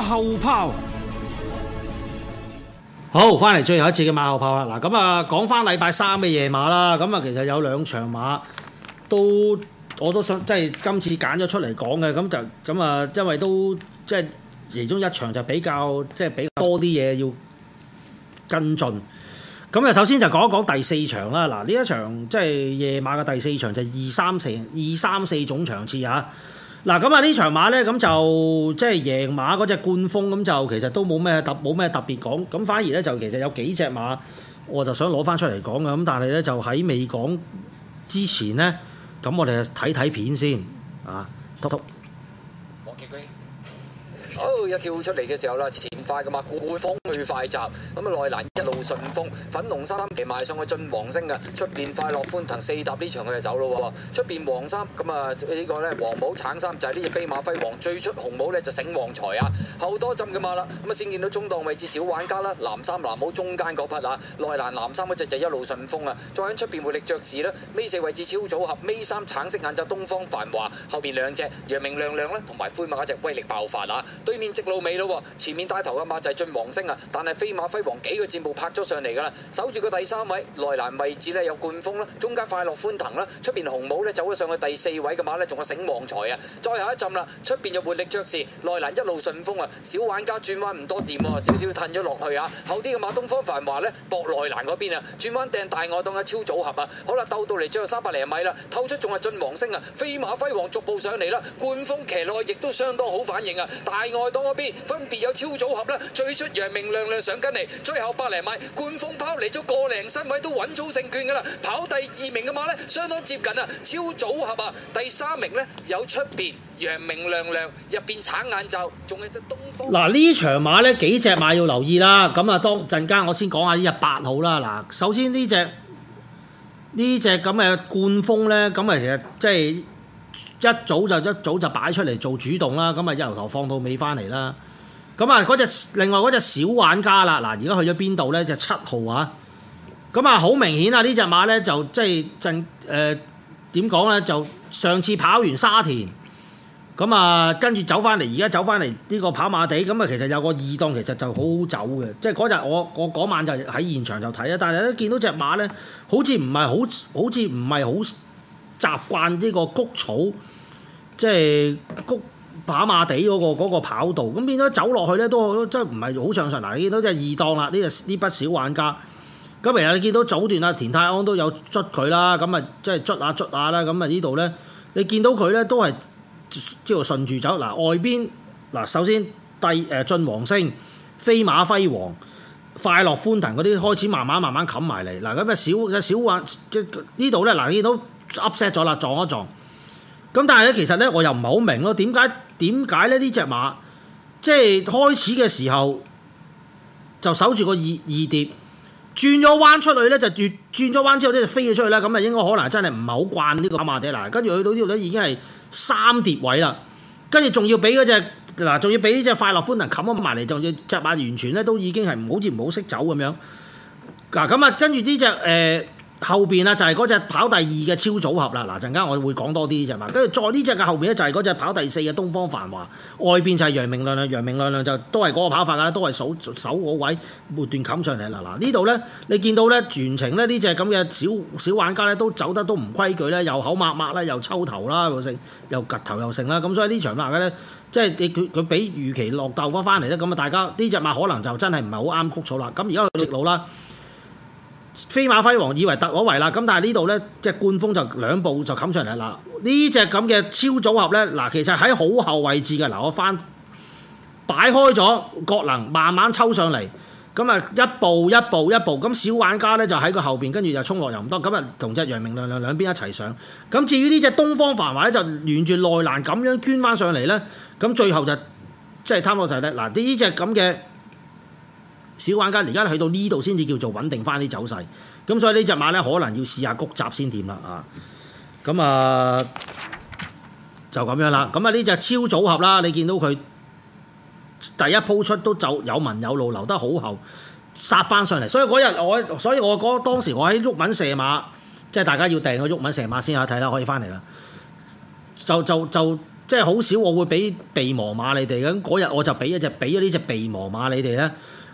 後炮，好，翻嚟最後一次嘅馬後炮啦。嗱，咁啊，講翻禮拜三嘅夜馬啦。咁啊，其實有兩場馬都，我都想即係今次揀咗出嚟講嘅。咁就咁啊，因為都即係、就是、其中一場就比較即係、就是、比較多啲嘢要跟進。咁啊，首先就講一講第四場啦。嗱，呢一場即係、就是、夜馬嘅第四場就二三四二三四種場次啊。嗱，咁啊，呢場馬咧，咁就即係贏馬嗰隻冠峯，咁就其實都冇咩特冇咩特別講，咁反而咧，就其實有幾隻馬我就想攞翻出嚟講嘅。咁但係咧就喺未講之前咧，咁我哋睇睇片先啊，托托。 哦！一跳出嚟嘅時候啦，前快噶嘛，古風最快閘咁啊，內、嗯、欄一路順風，粉紅衫騎埋上去晉黃星啊，出邊快樂歡騰四搭呢場佢就走咯喎、啊，出邊黃衫咁啊呢個呢黃帽橙衫就係呢隻飛馬輝煌，最出紅帽呢就醒旺財啊，後多針嘅嘛啦，咁、嗯、啊先見到中檔位置小玩家啦，藍衫藍帽中間嗰匹啦、啊，內欄藍衫嗰隻就一路順風啊，再喺出邊活力爵士啦，尾四位置超組合，尾三橙色眼罩,色眼罩東方繁華，後邊兩隻楊明亮亮咧同埋灰馬嗰隻威力爆發啦、啊。對面直路尾咯，前面帶頭嘅馬就係駿皇星啊，但係飛馬輝煌幾個箭步拍咗上嚟噶啦，守住個第三位。內欄位置呢有冠峰啦，中間快樂歡騰啦，出邊紅帽呢走咗上去第四位嘅馬呢，仲係醒旺財啊，再下一浸啦，出邊有活力爵士，內欄一路順風啊，小玩家轉彎唔多掂喎，少少褪咗落去啊，後啲嘅馬東方繁華呢，搏內欄嗰邊啊，轉彎掟大外檔嘅超組合啊，好啦，鬥到嚟最後三百零米啦，透出仲係駿皇星啊，飛馬輝煌逐步上嚟啦，冠峰騎落去亦都相當好反應啊，大外檔嗰邊分別有超組合啦，最出楊明亮亮上緊嚟，最後百零米冠風拋離咗個零身位都穩操勝券噶啦，跑第二名嘅馬咧相當接近啊，超組合啊，第三名咧有出邊楊明亮亮，入邊橙眼罩，仲係隻東方。嗱呢場馬咧幾隻馬要留意啦，咁啊當陣間我先講下呢隻八號啦，嗱首先呢隻呢隻咁嘅冠風咧，咁啊其實即係。一早就一早就擺出嚟做主動啦，咁啊一由頭放到尾翻嚟啦，咁啊嗰隻另外嗰隻小玩家啦，嗱而家去咗邊度呢？就七號啊，咁啊好明顯啊！呢隻馬呢，就即係正。誒點講呢？就上次跑完沙田，咁啊跟住走翻嚟，而家走翻嚟呢個跑馬地，咁啊其實有個二檔，其實就好好走嘅，即係嗰日我我嗰晚就喺現場就睇啦，但係咧見到隻馬呢，好似唔係好好似唔係好。好習慣呢個谷草，即係谷跑馬地嗰個嗰個跑道，咁變咗走落去咧都真係唔係好上順。嗱，你見到即係二檔啦，呢個呢筆小玩家。咁其實你見到早段啊，田泰安都有捽佢啦，咁啊即係捽下捽下啦，咁啊呢度咧，你見到佢咧都係即係順住走。嗱，外邊嗱首先第誒進黃星、飛馬輝煌、快樂歡騰嗰啲開始慢慢慢慢冚埋嚟。嗱，咁啊小少玩即呢度咧。嗱，你見到。upset 咗啦，撞一撞。咁但係咧，其實咧，我又唔係好明咯。點解點解咧？呢隻馬即係開始嘅時候就守住個二二疊，轉咗彎出去咧，就轉轉咗彎之後咧，就飛咗出去啦。咁啊，應該可能真係唔係好慣呢個馬馬地嗱，跟住去到呢度咧，已經係三疊位啦。跟住仲要俾嗰隻嗱，仲要俾呢隻快樂歡騰冚咗埋嚟，仲要隻馬完全咧，都已經係唔好似唔好識走咁樣。嗱，咁啊，跟住呢隻誒。後邊啊，就係嗰隻跑第二嘅超組合啦。嗱，陣間我會講多啲呢隻馬。跟住再呢隻嘅後邊咧，就係嗰隻跑第四嘅東方繁華。外邊就係楊明亮亮，楊明亮亮就都係嗰個跑法噶啦，都係守守位，不斷冚上嚟。嗱嗱，呢度咧，你見到咧，全程咧呢隻咁嘅小小玩家咧，都走得都唔規矩咧，又口抹抹啦，又抽頭啦，又成，又昅頭又成啦。咁所以呢場馬咧，即係佢佢比預期落鬥翻翻嚟咧，咁啊，大家呢隻馬可能就真係唔係好啱曲草啦。咁而家佢直路啦。飛馬輝煌以為突我為啦，咁但係呢度咧，即係冠峯就兩步就冚上嚟啦。呢隻咁嘅超組合呢，嗱，其實喺好後位置嘅，嗱，我翻擺開咗角能，慢慢抽上嚟，咁啊，一步一步一步，咁小玩家呢就喺佢後邊，跟住就衝落又唔多，咁啊，同隻陽明亮亮兩邊一齊上。咁至於呢隻東方繁華呢，就沿住內欄咁樣捐翻上嚟呢。咁最後就即係貪我就係嗱，呢隻咁嘅。小玩家而家去到呢度先至叫做穩定翻啲走勢，咁所以隻呢隻馬咧可能要試下谷閘先掂啦啊！咁啊就咁樣啦，咁啊呢隻超組合啦，你見到佢第一鋪出都走，有文有路，留得好後，殺翻上嚟。所以嗰日我，所以我嗰當時我喺毓民射馬，即係大家要訂個毓民射馬先下睇啦，看看可以翻嚟啦。就就就即係好少，我會俾備磨馬你哋，咁嗰日我就俾一隻俾呢隻備磨馬你哋咧。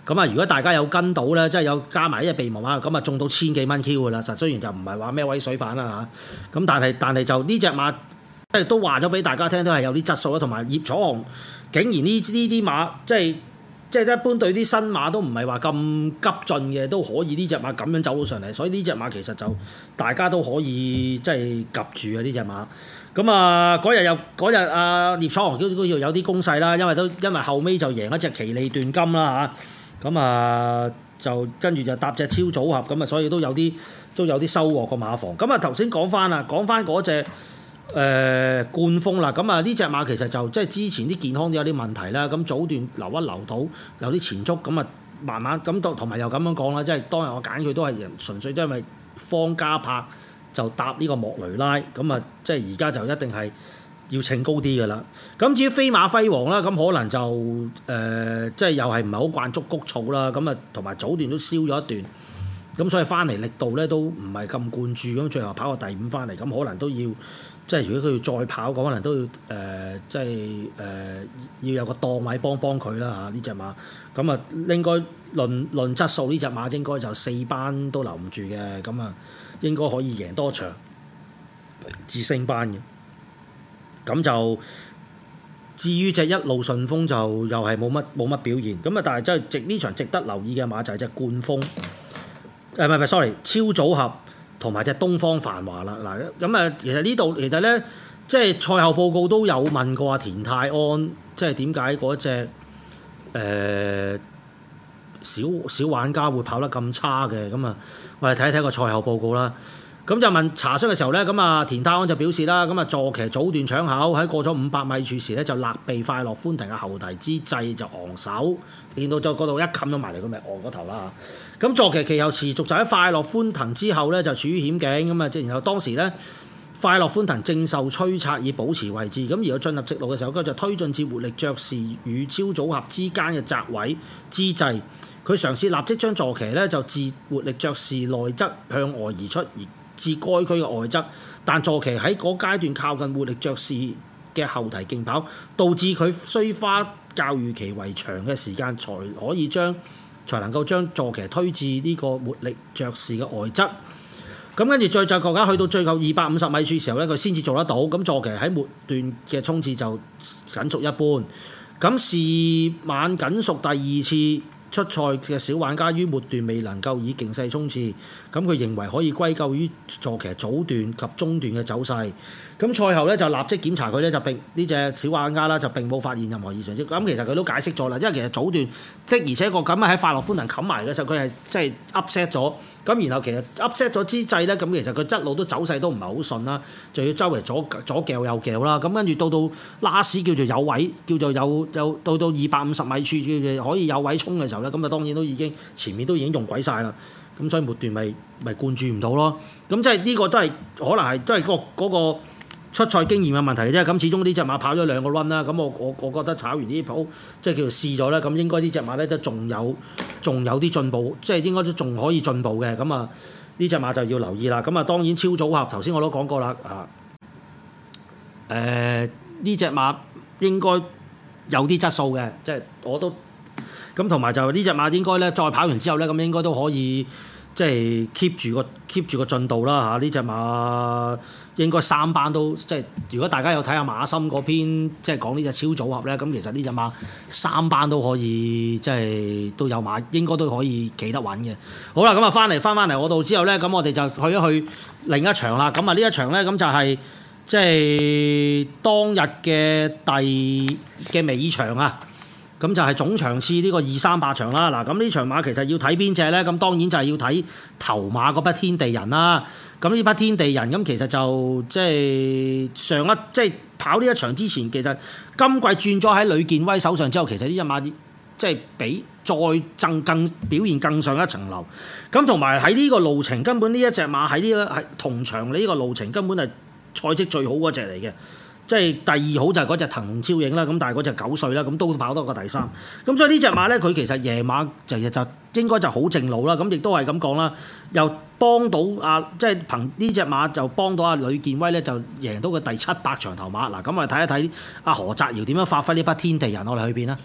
咁啊！如果大家有跟到咧，即係有加埋呢隻鼻毛馬啦，咁啊中到千幾蚊 Q 嘅啦，實雖然就唔係話咩威水板啦嚇，咁、啊、但係但係就呢隻馬即係都話咗俾大家聽，都係有啲質素啦。同埋葉楚雄竟然呢呢啲馬即係即係一般對啲新馬都唔係話咁急進嘅，都可以呢隻馬咁樣走到上嚟，所以呢隻馬其實就大家都可以即係及住啊呢隻馬。咁啊嗰日又嗰日啊葉楚雄都要有啲功勢啦，因為都因為後尾就贏一隻奇利斷金啦嚇。啊咁啊，就跟住就搭隻超組合咁啊，所以都有啲都有啲收穫個馬房。咁啊，頭先講翻啦，講翻嗰隻誒冠峰啦。咁啊，呢隻馬其實就即係之前啲健康都有啲問題啦。咁早段留一留到有啲前足，咁啊慢慢咁同埋又咁樣講啦，即係當日我揀佢都係純粹，即係咪方家柏就搭呢個莫雷拉，咁啊，即係而家就一定係。要稱高啲嘅啦，咁至於飛馬輝煌啦，咁可能就誒、呃，即係又係唔係好慣捉谷草啦，咁啊同埋早段都燒咗一段，咁所以翻嚟力度咧都唔係咁灌注，咁最後跑個第五翻嚟，咁可能都要即係如果佢要再跑嘅，可能都要誒，即係誒要，要、呃呃、要有個檔位幫幫佢啦嚇，呢隻馬，咁啊應該論論質素呢隻馬應該就四班都留唔住嘅，咁啊應該可以贏多場自勝班嘅。咁就至於隻一路順風就又係冇乜冇乜表現，咁啊但係真係值呢場值得留意嘅馬就係隻冠風，誒唔係唔係，sorry，超組合同埋隻東方繁華啦。嗱，咁啊，其實呢度其實咧，即係賽後報告都有問過阿田泰安，即係點解嗰隻誒小小玩家會跑得咁差嘅？咁啊，我哋睇一睇個賽後報告啦。咁就問查詢嘅時候咧，咁啊田泰安就表示啦，咁啊座騎早段搶口喺過咗五百米處時咧就勒鼻快樂歡騰嘅後蹄之際就昂首，見到就嗰度一冚咗埋嚟，佢咪昂個頭啦，咁座騎其後持續就喺快樂歡騰之後咧就處於險境，咁啊，即然後當時咧快樂歡騰正受催策以保持位置，咁而佢進入直路嘅時候，佢就推進至活力爵士與超組合之間嘅窄位之際，佢嘗試立即將座騎咧就自活力爵士內側向外移出而。至該區嘅外側，但坐騎喺嗰階段靠近活力爵士嘅後蹄競跑，導致佢需花較預期為長嘅時間，才可以將才能夠將坐騎推至呢個活力爵士嘅外側。咁跟住再再過，而家去到最後二百五十米處嘅時候咧，佢先至做得到。咁坐騎喺末段嘅衝刺就僅屬一般。咁是晚僅屬第二次。出賽嘅小玩家於末段未能夠以勁勢衝刺，咁佢認為可以歸咎於坐騎早段及中段嘅走勢。咁賽後咧就立即檢查佢咧，就並呢隻小玩家啦，就並冇發現任何異常。咁其實佢都解釋咗啦，因為其實早段的而且確咁喺法樂歡能冚埋嘅時候，佢係即係 upset 咗。咁然後其實 upset 咗之際咧，咁其實佢質路都走勢都唔係好順啦，就要周圍左左夾右夾啦。咁跟住到到 last 叫做有位，叫做有有到到二百五十米處，叫可以有位衝嘅時候咧，咁啊當然都已經前面都已經用鬼晒啦，咁所以末段咪咪灌注唔到咯。咁即係呢個都係可能係都係個嗰個。出賽經驗嘅問題嘅啫，咁始終呢隻馬跑咗兩個 run 啦，咁我我我覺得跑完呢啲鋪，即係叫做試咗啦，咁應該呢隻馬咧都仲有仲有啲進步，即係應該都仲可以進步嘅，咁啊呢隻馬就要留意啦。咁啊當然超組合頭先我都講過啦，啊、呃，誒呢隻馬應該有啲質素嘅，即係我都咁同埋就呢隻馬應該咧再跑完之後咧，咁應該都可以。即係 keep 住個 keep 住個進度啦嚇，呢隻馬應該三班都即係，如果大家有睇下馬心嗰篇，即係講呢隻超組合咧，咁其實呢隻馬三班都可以，即係都有馬應該都可以企得穩嘅。好啦，咁啊翻嚟翻翻嚟我度之後咧，咁我哋就去一去另一場啦。咁啊呢一場咧，咁就係、是、即係當日嘅第嘅尾場啊。咁就係總場次呢個二三百場啦。嗱，咁呢場馬其實要睇邊隻呢？咁當然就係要睇頭馬嗰匹天地人啦。咁呢匹天地人，咁其實就即係上一即係跑呢一場之前，其實今季轉咗喺呂健威手上之後，其實呢隻馬即係比再增更，更表現更上一層樓。咁同埋喺呢個路程，根本呢一隻馬喺呢個係同場你呢個路程根本係賽績最好嗰隻嚟嘅。即係第二好就係嗰隻騰超影啦，咁但係嗰隻九歲啦，咁都跑多過第三，咁所以呢隻馬呢，佢其實夜馬就就應該就好正路啦，咁亦都係咁講啦，又幫到啊，即係憑呢隻馬就幫到阿呂健威呢就贏到個第七百場頭馬，嗱，咁啊睇一睇阿何澤堯點樣發揮呢匹天地人，我哋去邊啊？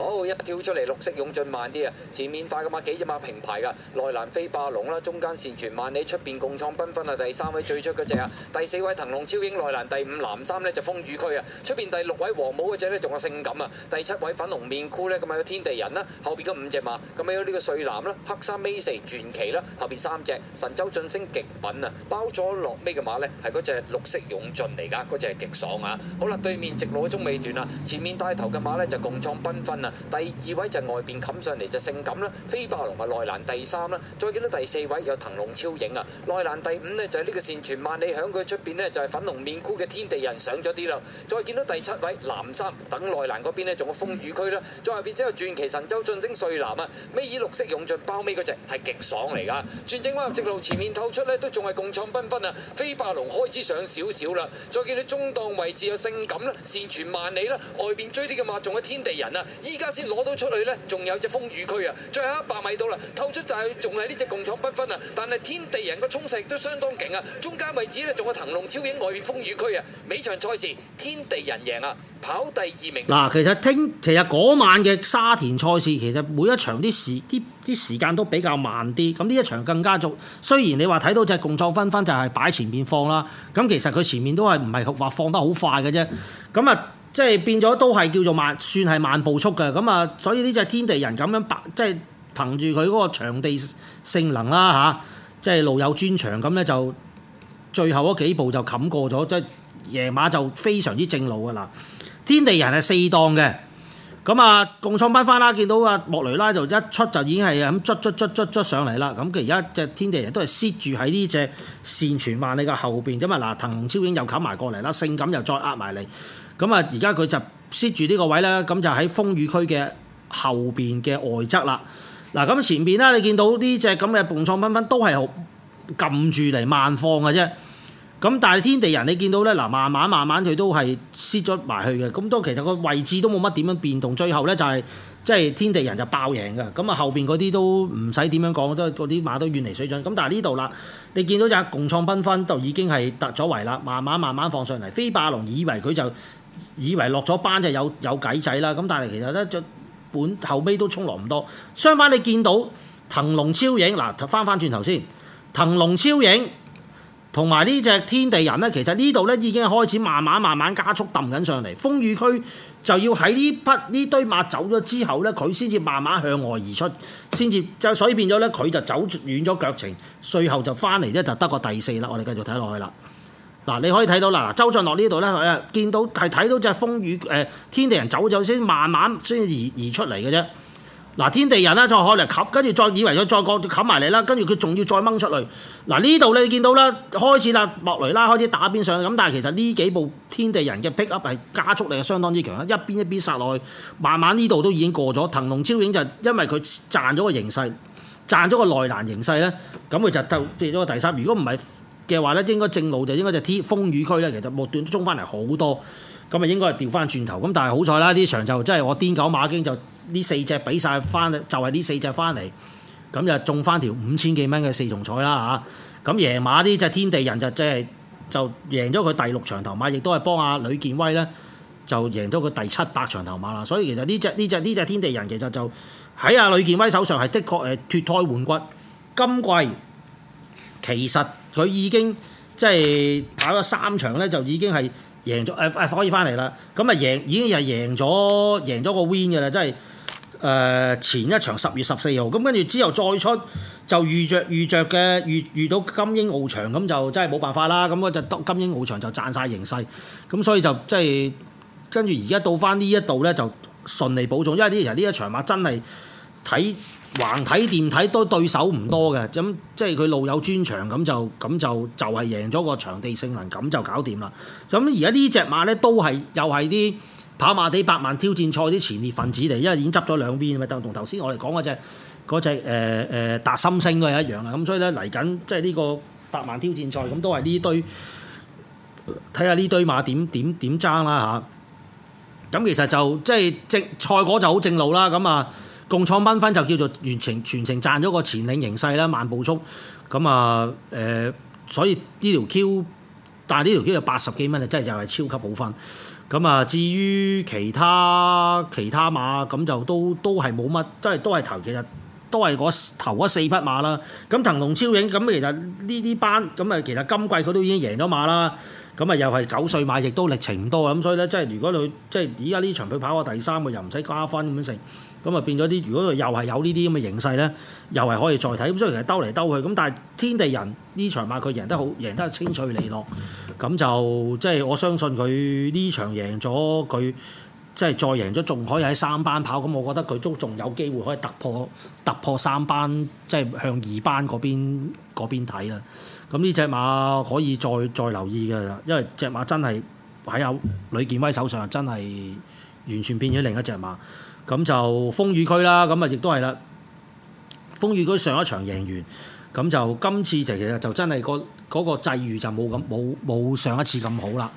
好、oh, 一跳出嚟，綠色勇進慢啲啊！前面快噶馬幾隻馬平排噶，內蘭飛霸龍啦，中間善傳萬里，出邊共創繽紛啊！第三位最出嗰隻啊，第四位騰龍超英內蘭，第五藍衫呢就風雨區啊！出邊第六位黃帽嗰隻呢仲有性感啊！第七位粉紅面箍呢，咁啊個天地人啦，後邊嗰五隻馬咁啊有呢個瑞藍啦，黑衫尾四傳奇啦，後邊三隻神州晉升極品啊！包咗落尾嘅馬呢，係嗰隻綠色勇進嚟噶，嗰隻係極爽啊！好啦，對面直路嘅中尾段啊，前面帶頭嘅馬呢，就共創繽紛啊！第二位就外邊冚上嚟就性感啦，飛霸龍啊內蘭第三啦，再見到第四位有騰龍超影啊，內蘭第五呢就係呢個善傳萬里響佢出邊呢，面就係粉紅面箍嘅天地人上咗啲啦，再見到第七位南山等內蘭嗰邊呢，仲有風雨區啦，再入邊先有傳奇神州晉陞瑞南啊，尾以綠色湧進包尾嗰隻係極爽嚟噶，轉正灣入直路前面透出呢，都仲係共創繽紛啊，飛霸龍開始上少少啦，再見到中檔位置有性感啦，善傳萬里啦，外邊追啲嘅馬仲有天地人啊。依家先攞到出去呢，仲有隻風雨區啊！最後一百米到啦，透出就係仲係呢隻共創不分啊！但係天地人個衝勢都相當勁啊！中間位置呢仲有騰龍超影外面風雨區啊！每場賽事天地人贏啊，跑第二名。嗱，其實聽其實嗰晚嘅沙田賽事，其實每一場啲時啲啲時間都比較慢啲。咁呢一場更加足。雖然你話睇到隻共創分分就係擺前面放啦，咁其實佢前面都係唔係話放得好快嘅啫。咁啊。即係變咗都係叫做慢，算係慢步速嘅。咁啊，所以呢隻天地人咁樣白，即係憑住佢嗰個場地性能啦吓，即係路有專長咁咧，就最後嗰幾步就冚過咗，即係夜馬就非常之正路噶啦。天地人係四檔嘅，咁啊，共創班翻啦。見到阿莫雷拉就一出就已經係咁卒、卒、卒、卒捽上嚟啦。咁其而家隻天地人都係 sit 住喺呢隻善傳萬里嘅後邊，咁嘛，嗱，騰超英又冚埋過嚟啦，性感又再呃埋嚟。咁啊，而家佢就 sit 住呢個位咧，咁就喺風雨區嘅後邊嘅外側啦。嗱，咁前邊啦，你見到呢隻咁嘅共創繽紛都係撳住嚟慢放嘅啫。咁但係天地人，你見到咧嗱，慢慢慢慢佢都係 sit 咗埋去嘅。咁都其實個位置都冇乜點樣變動。最後咧就係即係天地人就爆贏嘅。咁啊，後邊嗰啲都唔使點樣講，都嗰啲馬都遠離水準。咁但係呢度啦，你見到隻共創繽紛就已經係突咗圍啦，慢慢慢慢放上嚟。飛霸龍以為佢就以為落咗班就有有計仔啦，咁但係其實咧就本後尾都衝落唔多。相反你，你見到騰龍超影嗱，翻翻轉頭先，騰龍超影同埋呢隻天地人咧，其實呢度咧已經開始慢慢慢慢加速揼緊上嚟。風雨區就要喺呢匹呢堆馬走咗之後咧，佢先至慢慢向外而出，先至就所以變咗咧，佢就走遠咗腳程，最後就翻嚟咧就得個第四啦。我哋繼續睇落去啦。嗱，你可以睇到啦，嗱，周俊樂呢度咧，佢啊見到係睇到隻風雨誒、呃、天地人走走先，慢慢先移移出嚟嘅啫。嗱，天地人咧再開嚟冚，跟住再以為佢再過冚埋嚟啦，跟住佢仲要再掹出嚟。嗱，呢度你見到啦，開始啦莫雷啦，開始打邊上咁。但係其實呢幾部天地人嘅 pick up 係加速力相當之強啦，一邊一邊殺落去，慢慢呢度都已經過咗。騰龍超影就因為佢賺咗個形勢，賺咗個內欄形勢咧，咁佢就鬥跌咗個第三。如果唔係，嘅話咧，應該正路就應該就 T 風雨區咧，其實末段衝翻嚟好多，咁啊應該係調翻轉頭。咁但係好彩啦，呢場就真係我癲狗馬經就呢四隻比晒翻，就係呢四隻翻嚟，咁就中翻條五千幾蚊嘅四重彩啦嚇。咁贏馬呢隻天地人就即係就贏咗佢第六場頭馬，亦都係幫阿呂健威咧就贏咗佢第七百場頭馬啦。所以其實呢隻呢隻呢隻天地人其實就喺阿呂健威手上係的確誒脱胎換骨。今季其實。其實佢已經即係跑咗三場咧，就已經係贏咗誒誒可以翻嚟啦。咁啊贏已經係贏咗贏咗個 win 嘅啦，即係誒、呃、前一場十月十四號。咁跟住之後再出就遇着遇着嘅遇遇到金英奧場咁就真係冇辦法啦。咁就隻金英奧場就賺晒形勢。咁所以就即係跟住而家到翻呢一度咧就順利保重，因為呢其實呢一場馬真係睇，橫睇掂睇都對手唔多嘅，咁即係佢路有專長，咁就咁就就係贏咗個場地性能，咁就搞掂啦。咁而家呢隻馬呢，都係又係啲跑馬地百萬挑戰賽啲前列分子嚟，因為已經執咗兩邊咪，就同頭先我哋講嗰隻隻誒誒達心星都係一樣啦。咁所以呢，嚟緊即係呢個百萬挑戰賽，咁都係呢堆睇下呢堆馬點點點爭啦嚇。咁、啊、其實就即係正賽果就好正路啦，咁啊～共創繽紛就叫做完全全程賺咗個前領形勢啦，慢步速咁啊誒，所以呢條 Q，但係呢條 Q 就八十幾蚊真係就係超級好分咁啊。至於其他其他馬咁就都都係冇乜，即係都係頭其實都係嗰頭嗰四匹馬啦。咁騰龍超影咁其實呢啲班咁啊，其實今季佢都已經贏咗馬啦。咁啊，又係九歲馬，亦都歷程唔多咁，所以咧，即係如果你，即係而家呢場佢跑過第三個又唔使加分咁樣勝。咁啊變咗啲，如果佢又係有呢啲咁嘅形勢咧，又係可以再睇。咁所以其實兜嚟兜去，咁但係天地人呢場馬佢贏得好，贏得清脆利落。咁就即係、就是、我相信佢呢場贏咗，佢即係再贏咗，仲可以喺三班跑。咁我覺得佢都仲有機會可以突破突破三班，即、就、係、是、向二班嗰邊睇啦。咁呢隻馬可以再再留意㗎，因為隻馬真係喺有呂健威手上，真係完全變咗另一隻馬。咁就風雨區啦，咁啊亦都係啦。風雨區上一場贏完，咁就今次其實就真係個嗰個際遇就冇咁冇冇上一次咁好啦。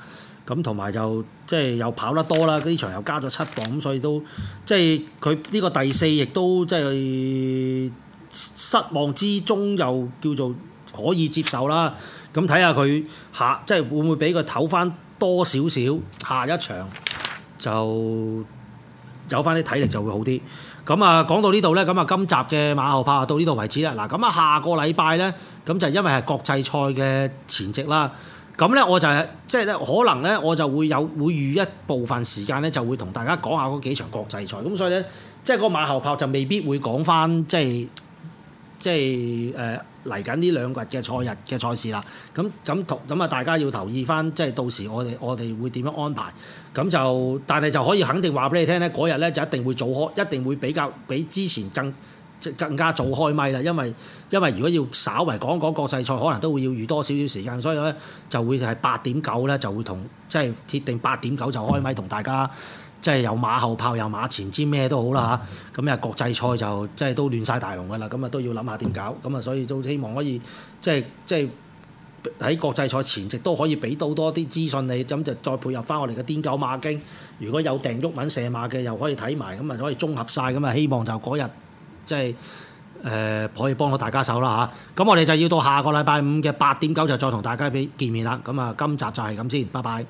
咁同埋就即係、就是、又跑得多啦，呢場又加咗七磅，咁所以都即係佢呢個第四亦都即係、就是、失望之中又叫做可以接受啦。咁睇下佢下即係、就是、會唔會俾佢唞翻多少少，下一場就。有翻啲體力就會好啲。咁、嗯、啊，講到呢度咧，咁啊，今集嘅馬後炮到呢度為止啦。嗱，咁啊，下個禮拜咧，咁就因為係國際賽嘅前夕啦。咁咧，我就係即係咧，可能咧，我就會有會預一部分時間咧，就會同大家講下嗰幾場國際賽。咁所以咧，即係個馬後炮就未必會講翻即係。即係誒嚟緊呢兩日嘅賽日嘅賽事啦，咁咁同咁啊，大家要留意返，即係到時我哋我哋會點樣安排？咁就但係就可以肯定話俾你聽咧，嗰日咧就一定會早開，一定會比較比之前更即更加早開咪啦，因為因為如果要稍為講講國際賽，可能都會要預多少少時間，所以咧就會係八點九咧就會同即係鐵定八點九就開咪同大家。嗯即係有馬後炮，有馬前知咩都好啦嚇。咁、啊、又、嗯嗯、國際賽就即係都亂晒大龍噶啦，咁啊都要諗下點搞。咁啊所以都希望可以即係即係喺國際賽前夕都可以俾到多啲資訊你。咁就再配合翻我哋嘅癲狗馬經。如果有訂鬱文射馬嘅，又可以睇埋。咁啊可以綜合晒。咁啊希望就嗰日即係誒、呃、可以幫到大家手啦吓，咁、啊、我哋就要到下個禮拜五嘅八點九就再同大家俾見面啦。咁啊今集就係咁先，拜拜。